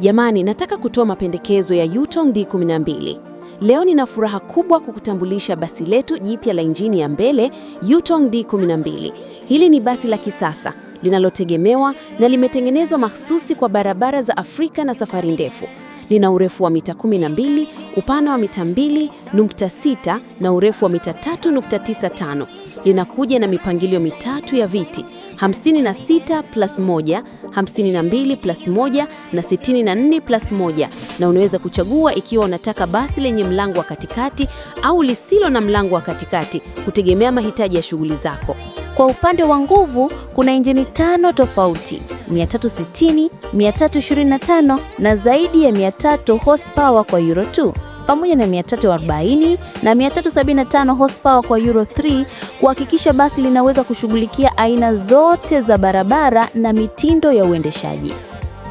Jamani, nataka kutoa mapendekezo ya Yutong D12. Leo nina furaha kubwa kukutambulisha basi letu jipya la injini ya mbele Yutong D12. Hili ni basi la kisasa linalotegemewa na limetengenezwa mahsusi kwa barabara za Afrika na safari ndefu. Lina urefu wa mita 12, upana wa mita 2.6 na urefu wa mita 3.95. Linakuja na mipangilio mitatu ya viti 56 plus 1, 52 plus 1 na 64 plus 1, na unaweza kuchagua ikiwa unataka basi lenye mlango wa katikati au lisilo na mlango wa katikati kutegemea mahitaji ya shughuli zako. Kwa upande wa nguvu kuna injini tano tofauti 360, 325 na zaidi ya 300 horsepower kwa Euro 2 pamoja na 340 na 375 horsepower kwa Euro 3 kuhakikisha basi linaweza kushughulikia aina zote za barabara na mitindo ya uendeshaji.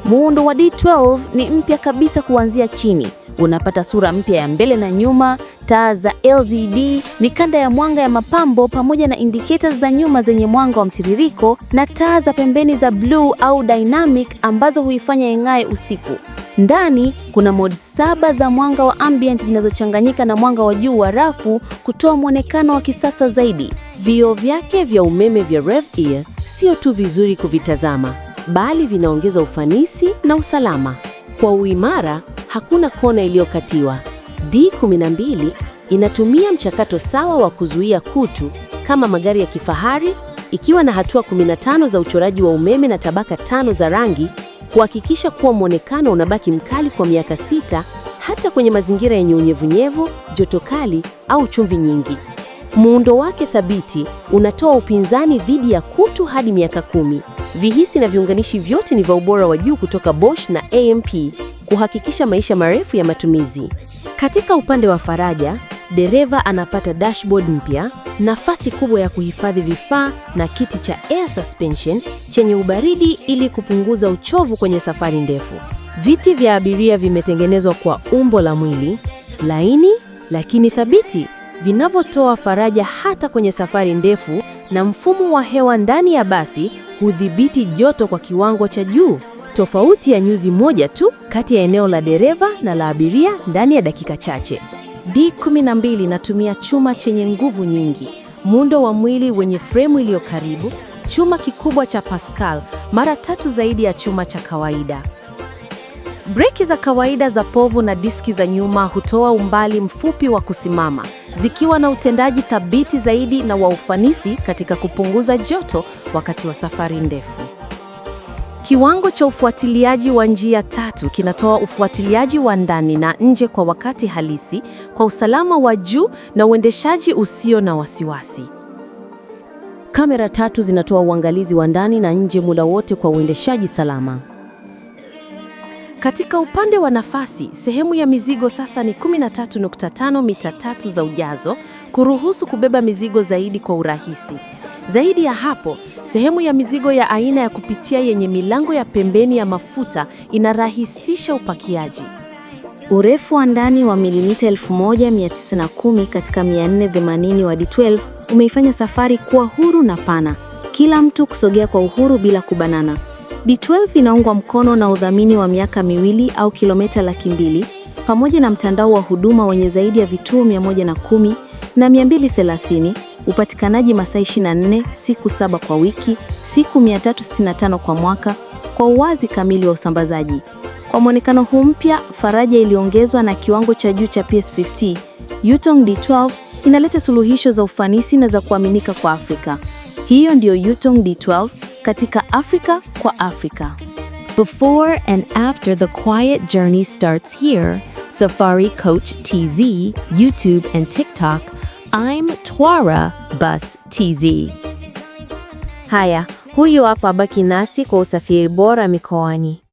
Muundo wa D12 ni mpya kabisa kuanzia chini. Unapata sura mpya ya mbele na nyuma, taa za LED, mikanda ya mwanga ya mapambo pamoja na indicators za nyuma zenye mwanga wa mtiririko na taa za pembeni za bluu au dynamic ambazo huifanya ing'ae usiku. Ndani kuna modi saba za mwanga wa ambient zinazochanganyika na mwanga wa juu wa rafu kutoa mwonekano wa kisasa zaidi. Vioo vyake vya umeme vya RevEar sio tu vizuri kuvitazama, bali vinaongeza ufanisi na usalama. Kwa uimara, hakuna kona iliyokatiwa. D12 inatumia mchakato sawa wa kuzuia kutu kama magari ya kifahari, ikiwa na hatua 15 za uchoraji wa umeme na tabaka tano za rangi kuhakikisha kuwa mwonekano unabaki mkali kwa miaka sita hata kwenye mazingira yenye unyevunyevu, joto kali au chumvi nyingi. Muundo wake thabiti unatoa upinzani dhidi ya kutu hadi miaka kumi. Vihisi na viunganishi vyote ni vya ubora wa juu kutoka Bosch na AMP kuhakikisha maisha marefu ya matumizi. Katika upande wa faraja, dereva anapata dashboard mpya, nafasi kubwa ya kuhifadhi vifaa na kiti cha air suspension chenye ubaridi ili kupunguza uchovu kwenye safari ndefu. Viti vya abiria vimetengenezwa kwa umbo la mwili, laini lakini thabiti, vinavyotoa faraja hata kwenye safari ndefu, na mfumo wa hewa ndani ya basi hudhibiti joto kwa kiwango cha juu tofauti ya nyuzi moja tu kati ya eneo la dereva na la abiria ndani ya dakika chache. D12 inatumia chuma chenye nguvu nyingi, muundo wa mwili wenye fremu iliyo karibu, chuma kikubwa cha Pascal mara tatu zaidi ya chuma cha kawaida. Breki za kawaida za povu na diski za nyuma hutoa umbali mfupi wa kusimama, zikiwa na utendaji thabiti zaidi na wa ufanisi katika kupunguza joto wakati wa safari ndefu. Kiwango cha ufuatiliaji wa njia tatu kinatoa ufuatiliaji wa ndani na nje kwa wakati halisi kwa usalama wa juu na uendeshaji usio na wasiwasi. Kamera tatu zinatoa uangalizi wa ndani na nje muda wote kwa uendeshaji salama. Katika upande wa nafasi, sehemu ya mizigo sasa ni 13.5 mita tatu za ujazo, kuruhusu kubeba mizigo zaidi kwa urahisi. Zaidi ya hapo, sehemu ya mizigo ya aina ya kupitia yenye milango ya pembeni ya mafuta inarahisisha upakiaji. Urefu wa ndani wa milimita 1910 katika 480 wa D12 umeifanya safari kuwa huru na pana, kila mtu kusogea kwa uhuru bila kubanana. D12 inaungwa mkono na udhamini wa miaka miwili au kilomita laki mbili pamoja na mtandao wa huduma wenye zaidi ya vituo 110 na 230 Upatikanaji masaa 24, siku saba kwa wiki, siku 365 kwa mwaka, kwa uwazi kamili wa usambazaji. Kwa mwonekano huu mpya, faraja iliongezwa na kiwango cha juu cha PS50, Yutong D12 inaleta suluhisho za ufanisi na za kuaminika kwa Afrika. Hiyo ndiyo Yutong D12 katika Afrika kwa Afrika. Before and after the quiet journey starts here. Safari Coach TZ, YouTube and TikTok I'm Twara Bus TZ. Haya, huyu hapa, baki nasi kwa usafiri bora mikoani.